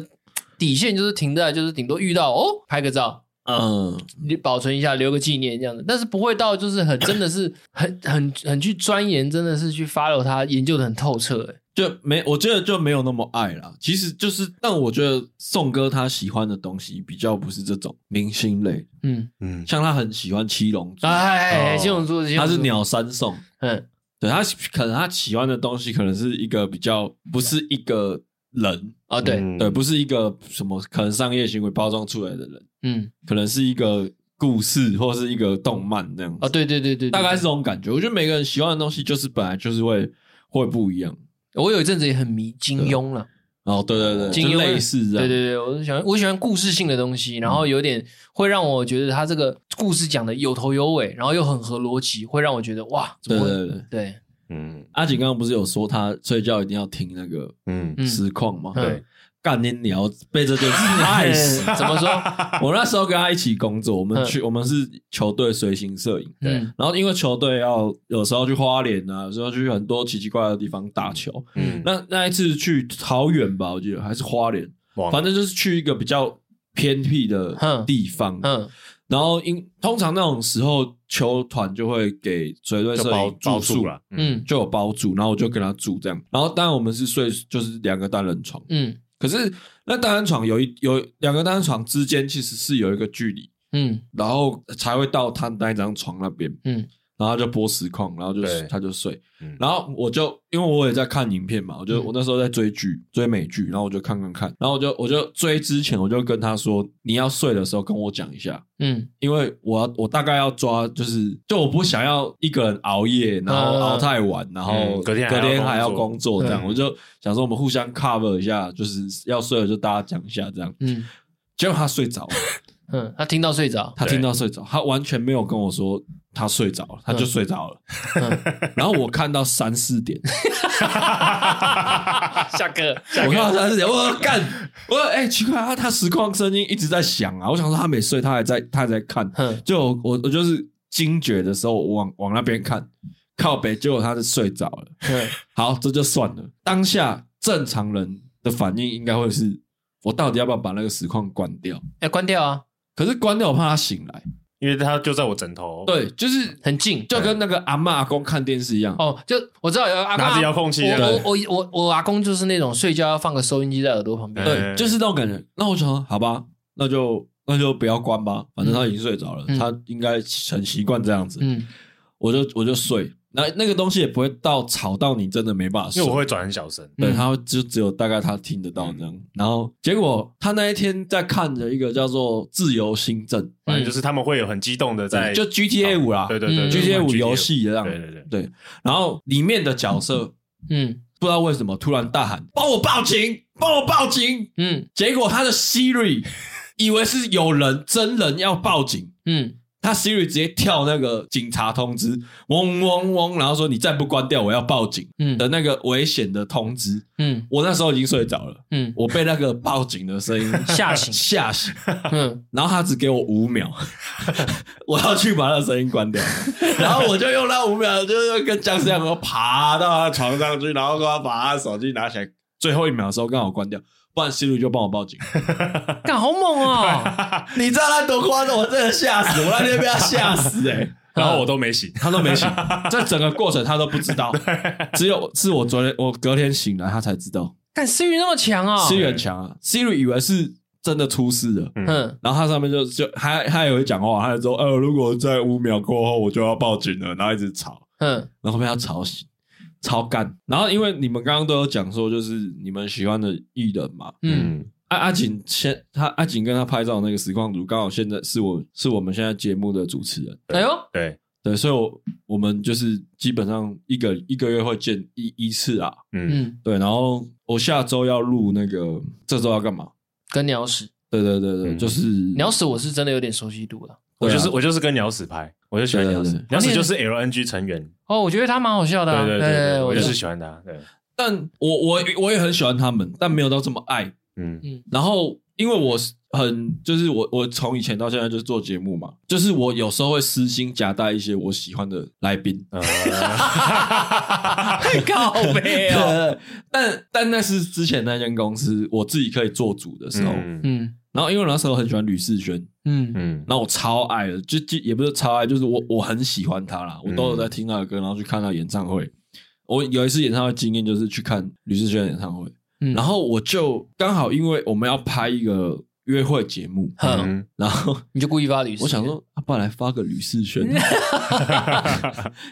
底線就是停在就是頂多遇到哦拍個照，嗯，你保存一下留個紀念這樣子，但是不會到就是很真的是很 很很，很去鑽研，真的是去 follow 他研究得很透徹欸就沒，我覺得就沒有那麼愛啦。其實就是，但我覺得宋哥他喜歡的東西比較不是這種明星類，嗯嗯，像他很喜歡七龍哎，七龍珠，他是鳥山宋。嗯，對他可能他喜歡的東西可能是一個比較不是一個人啊，對、嗯、對，不是一個什麼可能商業行為包裝出來的人，嗯，可能是一個故事或是一個動漫這樣啊，哦、對,對,對,對對對對，大概是這種感覺。我覺得每個人喜歡的東西就是本來就是會會不一樣。我有一陣子也很迷金庸了，哦，對對對，金庸類，類似，對對對，我喜歡我喜歡故事性的東西，嗯、然後有點會讓我覺得他這個故事講得有頭有尾，然後又很合邏輯，會讓我覺得哇怎麼，對對對，對嗯，阿景剛剛不是有說他睡覺一定要聽那個嗯，實況嗎，嗯？對。對幹你你要被這件事害死？ 怎麼說？我那時候跟他一起工作，我們去我們是球隊隨行攝影。對、嗯，然後因為球隊要有時候去花蓮啊，有時候去很多奇奇怪怪的地方打球。嗯，那那一次去好遠吧，我記得還是花蓮，反正就是去一個比較偏僻的地方。嗯，然後因通常那種時候，球團就會給隨隊攝影住了，住宿啦。嗯，就有包住，然後我就跟他住這樣。然後當然我們是睡就是兩個單人床。嗯。可是，那單人床有一有兩個單人床之間其實是有一個距離，嗯，然後才會到他那一張床那邊，嗯。然後他就播實況，然後就他就睡、嗯。然後我就因為我也在看影片嘛，我就、嗯、我那時候在追劇，追美劇，然後我就看看看，然後我就我就追之前，我就跟他說、嗯，你要睡的時候跟我講一下，嗯，因為我要我大概要抓，就是就我不想要一個人熬夜，然後熬太晚，嗯、然後隔天隔天還要工作這樣、嗯，我就想說我們互相 cover 一下，就是要睡了就大家講一下這樣，嗯，結果他睡着了。 嗯，他聽到睡着，他聽到睡着，他完全沒有跟我說他睡着，他就睡着了。嗯、 然後我看到三四點 下課，我看到三四點，我幹，我哎、欸、奇怪啊，他實況聲音一直在響啊，我想說他沒睡，他還在，他還在看，就、嗯、我我就是驚覺的時候我往，往往那邊看靠北，結果他是睡着了、嗯。好，這就算了。當下正常人的反應應該會是我到底要不要把那個實況關掉？哎、欸，關掉啊。可是關掉，我怕他醒來，因為他就在我枕頭，對，就是很近，就跟那個阿嬤阿公看電視一樣。嗯、哦，就我知道有拿着遙控器。我我我，我，我阿公就是那種睡覺要放個收音機在耳朵旁邊、嗯。對，就是那種感覺。那我說好吧，那就那就不要關吧，反正他已經睡着了、嗯，他應該很習慣這樣子。嗯，我就我就睡。那那個東西也不會到吵到你，真的沒辦法說，因為我會轉很小聲，對，嗯、他會就只有大概他聽得到這樣。嗯、然後結果他那一天在看着一個叫做《自由心證》，嗯，反正就是他們會有很激動的在、嗯，就 G T A 五啦、嗯，對對對，G T A 五遊戲一樣，對對對，對。然後裡面的角色，嗯，不知道為什麼突然大喊：“幫、嗯、我報警，幫我報警！”嗯，結果他的 Siri 以為是有人真人要報警，嗯。嗯他 Siri 直接跳那個警察通知，嗡嗡嗡，然後說，你再不關掉，我要報警。嗯，的那個危險的通知。嗯，我那時候已經睡着了。嗯，我被那個報警的聲音嚇醒嚇醒。嗯，然後他只給我五秒， 我要去把那個聲音關掉。 然後我就用那五秒，就跟僵屍一樣、嗯、爬到他床上去，然後說把他手機拿起來。最後一秒的時候，剛好關掉。不然 Siri 就幫我報警，幹 好猛哦、喔！你知道他多誇張？我真的嚇死，我那天被他嚇死哎、欸！ 然後我都沒醒，他都沒醒，這 整個過程他都不知道，只有是我昨天我隔天醒來他才知道。但 Siri 那麼強啊、喔！Siri 很強啊！Siri 以為是真的出事了，嗯， 然後他上面就就他，他也會講話，他就說：“呃，如果在五秒過後我就要報警了。”然後一直吵，嗯， 然後被他吵醒。超幹！然後因為你們剛剛都有講說，就是你們喜歡的藝人嘛，嗯，啊、阿阿錦先他阿錦跟他拍照那個實況主，剛好現在是我是我們現在節目的主持人，哎呦，對對，對，所以我我們就是基本上一個一個月會見一一次啊，嗯嗯，對，然後我下周要錄那個，這周要幹嘛？跟鳥屎，對對對對，嗯、就是鳥屎，我是真的有點熟悉度了。我就是、啊、我就是跟鳥屎拍，我就喜歡鳥屎，鳥屎就是 LNG 成員。哦，我覺得他蠻好笑的，啊，對對，對對對，我就是喜歡他。對，對我我對但我我我也很喜歡他們，但沒有到這麼愛。嗯嗯。然後，因為我是很就是我我從以前到現在就是做節目嘛，就是我有時候會私心夾帶一些我喜歡的來賓。啊、嗯。哈 哈！ 哈，告別但但那是之前那間公司我自己可以做主的時候。嗯。嗯然後因為那時候很喜歡呂士軒，嗯嗯，然後我超愛的，就就也不是超愛，就是我我很喜歡他啦。我都有在聽他的歌，然後去看他的演唱會。我有一次演唱會經驗就是去看呂士軒的演唱會，嗯、然後我就剛好因為我們要拍一個約會節目、嗯，然後你就故意發呂士軒，我想說，我、啊、本來發個呂士軒，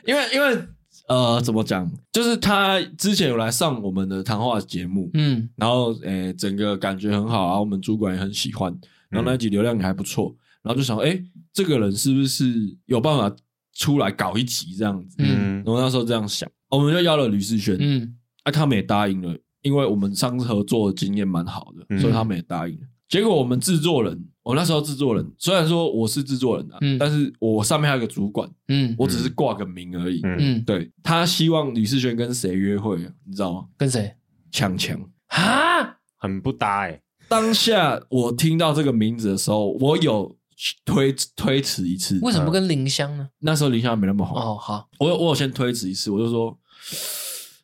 因為因為。呃，怎麼講？就是他之前有來上我們的談話節目，嗯，然後誒，整個感覺很好啊，然後我們主管也很喜歡，然後那集流量也還不錯，然後就想，哎，這個人是不是有辦法出來搞一集這樣子？嗯，然後那時候這樣想，我們就邀了呂思璇，嗯，啊，他們也答應了，因為我們上次合作的經驗蠻好的，嗯，所以他們也答應了。結果我們製作人，我那時候製作人，雖然說我是製作人啊，嗯，但是我上面還有一個主管，嗯，我只是掛個名而已，嗯，對。他希望李世璇跟誰約會，啊，你知道嗎？跟誰？強強啊，很不搭哎，欸。當下我聽到這個名字的時候，我有推推遲一次。為什麼跟林香呢？那時候林香沒那麼好。哦。好，我我有先推遲一次，我就說，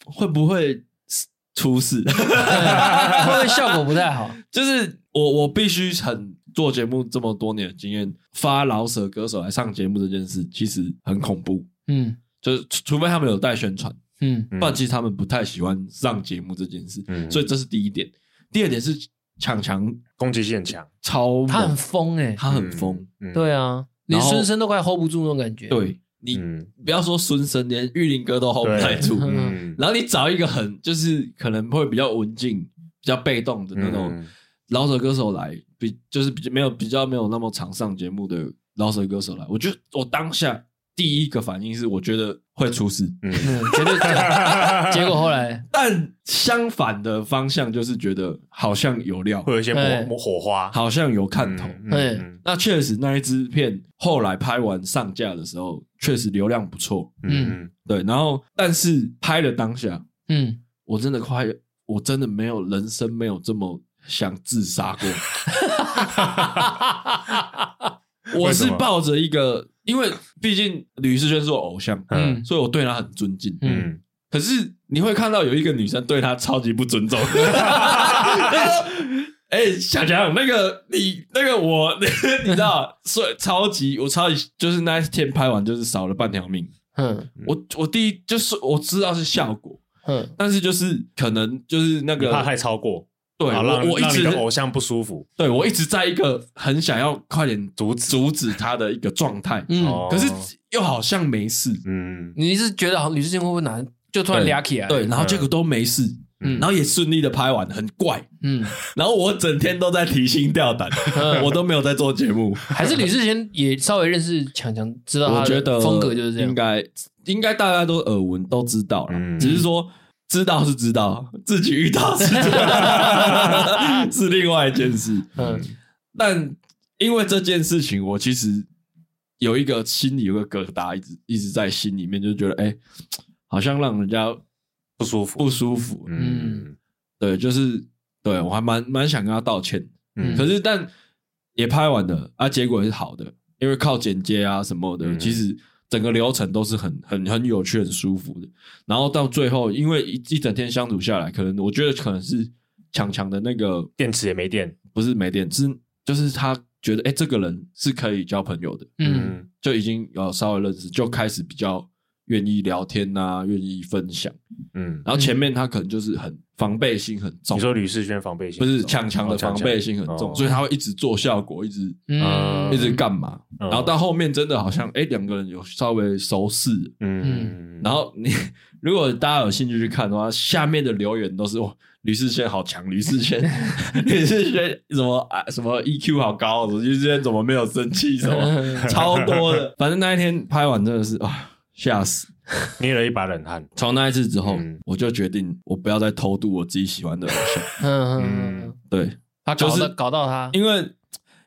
會不會出事？ 會不會效果不太好？就是。我我必須很做節目這麼多年的經驗，發老舍歌手來上節目這件事其實很恐怖，嗯，就是除非他們有帶宣傳，嗯，不然其實他們不太喜歡上節目這件事，嗯，所以這是第一點。嗯、第二點是強強攻擊性強，超他很瘋誒、欸、他很瘋、嗯嗯，對啊，連孫生都快 hold 不住那種感覺，對你、嗯、不要說孫生連玉林哥都 hold 不太住、嗯，然後你找一個很就是可能會比較文靜、比較被動的那種。嗯嗯老手歌手來，比就是比沒有比較沒有那麼常上節目的老手歌手來，我就，我當下第一個反應是，我覺得會出事，嗯， 結果後來，但相反的方向就是覺得好像有料，會有一些火火花，好像有看頭，嗯，那確實那一支片後來拍完上架的時候，確實流量不錯，嗯，對，然後但是拍的當下，嗯，我真的快，我真的沒有人生沒有這麼。想自殺過， 我是抱着一個，因為畢竟呂士軒是我偶像，嗯，所以我對他很尊敬，嗯。可是你會看到有一個女生對他超級不尊重、 欸，哎，小強，那個你那個我，你知道，嗯、所以超級我超級就是那一天拍完就是少了半條命，嗯。我我第一就是我知道是效果嗯嗯，嗯，但是就是可能就是那個，傷害超過。對，我一直偶像不舒服。對，我一直在一個很想要快點阻阻止他的一個狀態。嗯，可是又好像沒事。哦、嗯，你是覺得李志賢會不會難，就突然 l 起來？對，對然後結果都沒事，嗯、然後也順利的拍完，很怪。嗯，然後我整天都在提心吊膽，嗯、 我都沒有在做節目。 還是李志賢也稍微認識強強，強強知道他的風格就是這樣。應該應該大家都耳聞都知道了，嗯，只是說。知道是知道，自己遇到是知道 是另外一件事。嗯，但因為這件事情，我其實有一個心裡有個疙瘩，一直一直在心裡面，就覺得哎、欸，好像讓人家不舒服、嗯，不舒服。嗯，對，就是對我還蠻蠻想跟他道歉、嗯。可是但也拍完了啊，結果也是好的，因為靠剪接啊什麼的，嗯、其實。整個流程都是很很很有趣，很舒服的。然後到最後，因為一一整天相處下來，可能我覺得可能是強強的那個電池也沒電，不是沒電，是就是他覺得欸，這個人是可以交朋友的，嗯，就已經有稍微認識，就開始比較願意聊天啊，願意分享，嗯，然後前面他可能就是很。防備心很重。你說呂士軒防備心不是強強的防備心很重，哦強強，所以他會一直做效果，哦，一直嗯，一直幹嘛？然後到後面真的好像哎，欸，兩個人有稍微熟識。嗯，然後你如果大家有興趣去看的話，下面的留言都是哇呂士軒好強，呂士軒呂士軒什麼啊什麼 EQ 好高，呂士軒怎麼沒有生氣什麼超多的， 反正那一天拍完真的是啊嚇死。 捏了一把冷汗，從那一次之後，嗯，我就決定我不要再偷渡我自己喜歡的人生 嗯嗯，對他就是搞到他，因為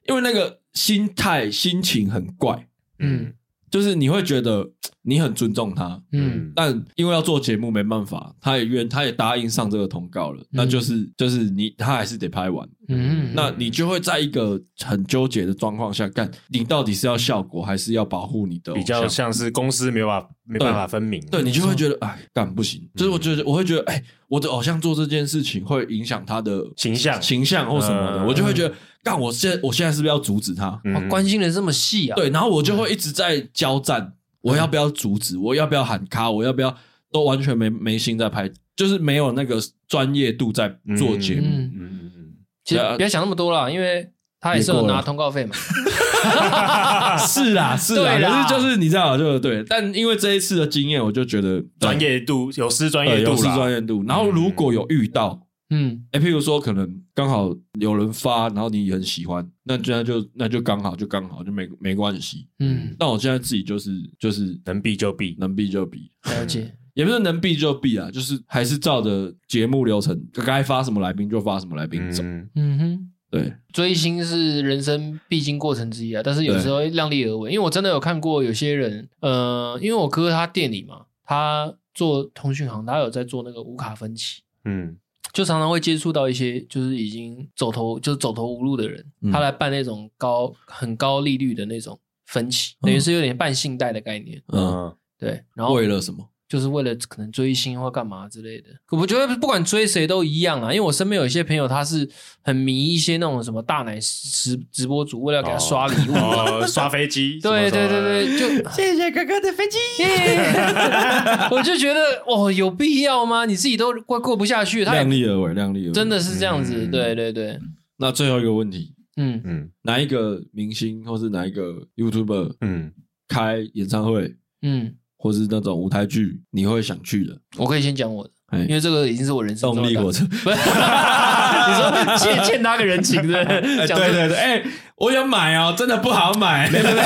因為那個心態，心情很怪，嗯，就是你會覺得。你很尊重他，嗯，但因為要做節目沒辦法，他也願他也答應上這個通告了，嗯、那就是就是你他還是得拍完，嗯，嗯，嗯，那你就會在一個很糾結的狀況下幹，你到底是要效果還是要保護你的偶像？比較像是公司沒有辦法沒辦法分明，對，對你就會覺得哎幹不行、嗯，就是我覺得我會覺得哎、欸、我的偶像做這件事情會影響他的形象形象或什麼的、嗯，我就會覺得幹我現在我現在是不是要阻止他？嗯啊、關心得這麼細啊，對，然後我就會一直在交戰。嗯我要不要阻止？嗯、我要不要喊卡？我要不要都完全沒沒心在拍，就是沒有那個專業度在做節目。嗯嗯嗯。其實不要想那麼多了，因為他也是有拿通告費嘛 是。是啦，是啦，可是就是你知道嗎，就是、對。但因為這一次的經驗，我就覺得專業度有失專業度，有失專業、呃、業度。然後如果有遇到。嗯嗯嗯，哎、欸，譬如說，可能剛好有人發，然後你也很喜歡，那這樣就那就剛好就剛好就沒沒關係。嗯，但我現在自己就是就是能避就避，能避就避。了解，呵呵，也不是能避就避啊，就是還是照着節目流程，該發什麼來賓就發什麼來賓、嗯、走。嗯哼，對，追星是人生必經過程之一啊，但是有時候量力而為，因為我真的有看過有些人，呃，因為我哥他店裡嘛，他做通訊行，他有在做那個無卡分期。嗯。就常常會接觸到一些，就是已經走投，就是走投無路的人，他來辦那種高、嗯、很高利率的那種分期，等於是有點辦信貸的概念。嗯，嗯對。然後為了什麼？就是為了可能追星或幹嘛之類的，我覺得不管追誰都一樣啊。因為我身邊有一些朋友，他是很迷一些那種什麼大奶直直播主，為了給他刷禮物、oh,、 刷飛機。對對對對， 就謝謝哥哥的飛機。Yeah, 我就覺得，哦，有必要嗎？你自己都過過不下去，量力而為，量力而為，真的是這樣子、嗯。對對對。那最後一個問題，嗯嗯，哪一個明星或是哪一個 YouTuber，嗯，開演唱會，嗯。或是那種舞台劇，你會想去的。我可以先講我的，因為這個已經是我人生中。力過程 不是。 你說欠欠他個人情真的、 欸，對對對。哎、欸，我想買哦、喔，真的不好買。 對對對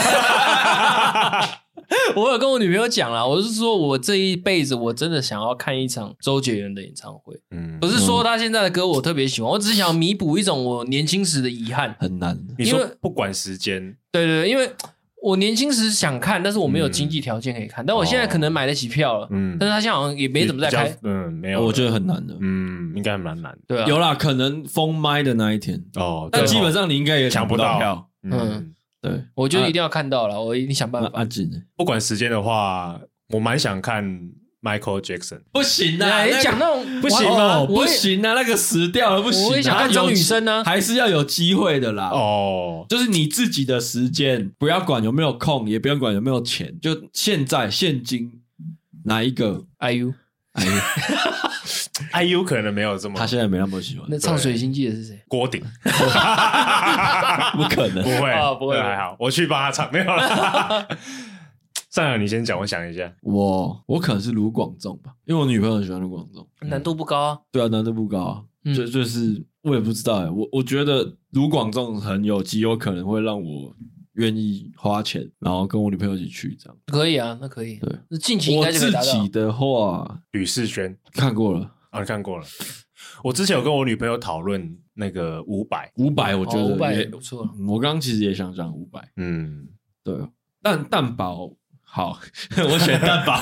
我有跟我女朋友講了，我是說我這一輩子我真的想要看一場周杰倫的演唱會。嗯，不是說他現在的歌我特別喜歡、嗯，我只是想彌補一種我年輕時的遺憾。很難，因為不管時間。對對對，因為。我年輕時想看，但是我沒有經濟條件，可以看。嗯。但我現在可能買得起票了。嗯，但是他現在好像也沒怎麼在開。嗯，沒有，我覺得很難的。嗯，應該蠻難。對、啊，有啦，可能封麥的那一天。哦，對哦，但基本上你應該也搶不到票。嗯。嗯，對，我覺得一定要看到了，啊，我一定想辦法。啊，不管時間的話，我蠻想看 Michael Jackson，不行啊！你講那種、那個、不行哦，不行啊，那個死掉了不行啊。那種女生呢、啊，還是要有機會的啦。哦、oh.，就是你自己的時間，不要管有沒有空，也不用管有沒有錢，就現在現金哪一個？IU，IU 可能沒有這麼， 他現在沒那麼喜歡。那唱《水星記》的是誰？郭頂， 不可能，不會，oh, 不會，還好，我去幫他唱，沒有了。 算了，你先講，我想一下。我我可能是盧廣仲吧，因為我女朋友很喜歡盧廣仲。難度不高啊，嗯。對啊，難度不高啊。嗯、就就是我也不知道，我我覺得盧廣仲很有極有可能會讓我願意花錢，然後跟我女朋友一起去這樣。可以啊，那可以。對，那近期。我自己的話，呂士軒看過了啊，看過了。 我之前有跟我女朋友討論那個五百，五百，我覺得也、哦、也不錯。我剛剛其實也想講五百。嗯，對。但但保。好，我選蛋堡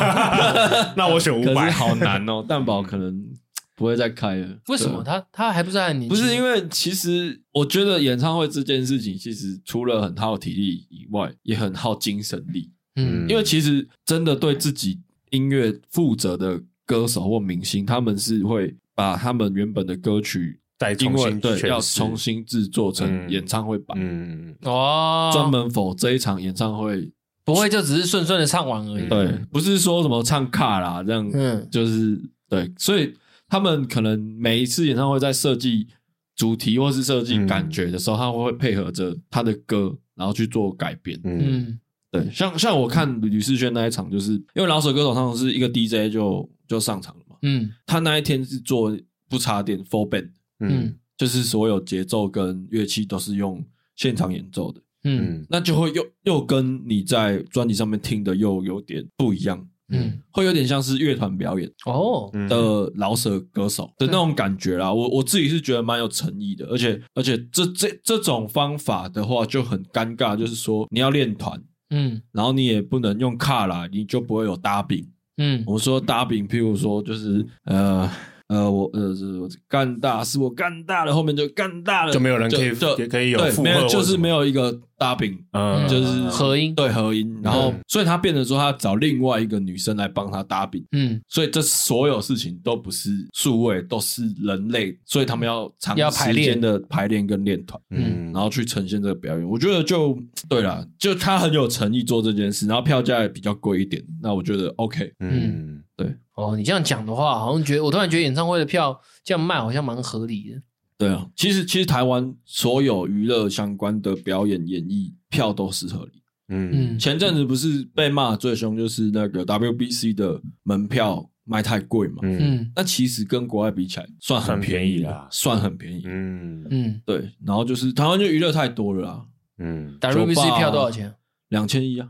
那我。 那我選五百。好難哦，蛋堡可能不會再開了。嗯、為什麼？他他還不在你？不是因為其實我覺得演唱會這件事情，其實除了很耗體力以外，也很耗精神力。嗯，因為其實真的對自己音樂負責的歌手或明星，他們是會把他們原本的歌曲再重新對要重新制作成演唱會版。嗯，嗯哦，專門 for 這一場演唱會。不會，就只是順順的唱完而已，嗯。對，不是說什麼唱卡啦這樣，就是，嗯、對。所以他們可能每一次演唱會在設計主題或是設計感覺的時候，嗯、他們會配合着他的歌，然後去做改變。嗯，對，像像我看呂士軒那一場，就是因為老手歌手上是一個 DJ 就就上場了嘛。嗯，他那一天是做不插電 full band，嗯，嗯，就是所有節奏跟樂器都是用現場演奏的。嗯，那就會又又跟你在專輯上面聽的又有點不一樣，嗯，會有點像是樂團表演哦的老舍歌手的那種感覺啦。嗯、我我自己是覺得蠻有誠意的，而且而且這這這種方法的話就很尷尬，就是說你要練團，嗯，然後你也不能用卡啦，你就不會有搭棚，嗯，我說搭棚，譬如說就是呃。呃，我呃是乾大事，我乾大了，後面就乾大了，就沒有人可以，也可以有，沒有，就是沒有一個搭餅，嗯，就是合音，對合音，然後、嗯，所以他變成說他要找另外一個女生來幫他搭餅，嗯，所以這所有事情都不是數位，都是人類，所以他們要長時間的排練跟練團，嗯，然後去呈現這個表演，嗯、我覺得就對啦，就他很有誠意做這件事，然後票價也比較貴一點，那我覺得 OK，嗯，嗯對。哦，你這樣講的話，好像覺得我突然覺得演唱會的票這樣賣好像蠻合理的。對啊，其實其實台灣所有娛樂相關的表演、演藝票都是合理。嗯，前陣子不是被罵最兇就是那個 WBC 的門票賣太貴嘛？嗯，那其實跟國外比起來算，算很便宜啦，算很便宜。嗯嗯，對，然後就是台灣就娛樂太多了啦。嗯，WBC 票多少錢？兩千一啊。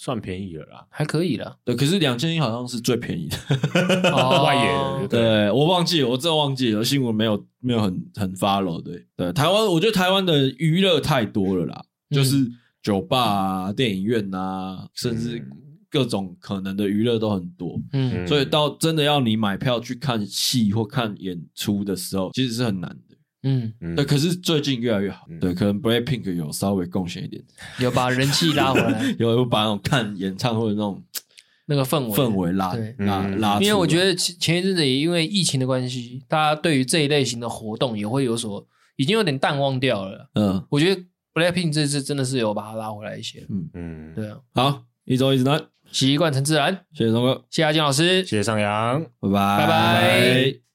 算便宜了啦，還可以啦。對，可是兩千一好像是最便宜的，外野的。對，我忘記，我真的忘記了，新聞沒有沒有很很 follow 對。對對，台灣我覺得台灣的娛樂太多了啦，嗯，就是酒吧啊、電影院啊，甚至各種可能的娛樂都很多。嗯，所以到真的要你買票去看戲或看演出的時候，其實是很難。嗯，對嗯，可是最近越來越好，嗯、對，可能 BLACKPINK 有稍微貢獻一點，有把人氣拉回來， 有有把那種看演唱會那種、嗯、那個氛圍氛圍拉對拉、嗯、拉，拉。因為我覺得前前一陣子也因為疫情的關係，大家對於這一類型的活動也會有所已經有點淡忘掉了。嗯，我覺得 BLACKPINK 這次真的是有把它拉回來一些。嗯嗯，對好，一周一次暖，習慣成自然，謝謝聰哥，謝謝阿金老師，謝謝上揚，拜，拜，拜拜。拜拜。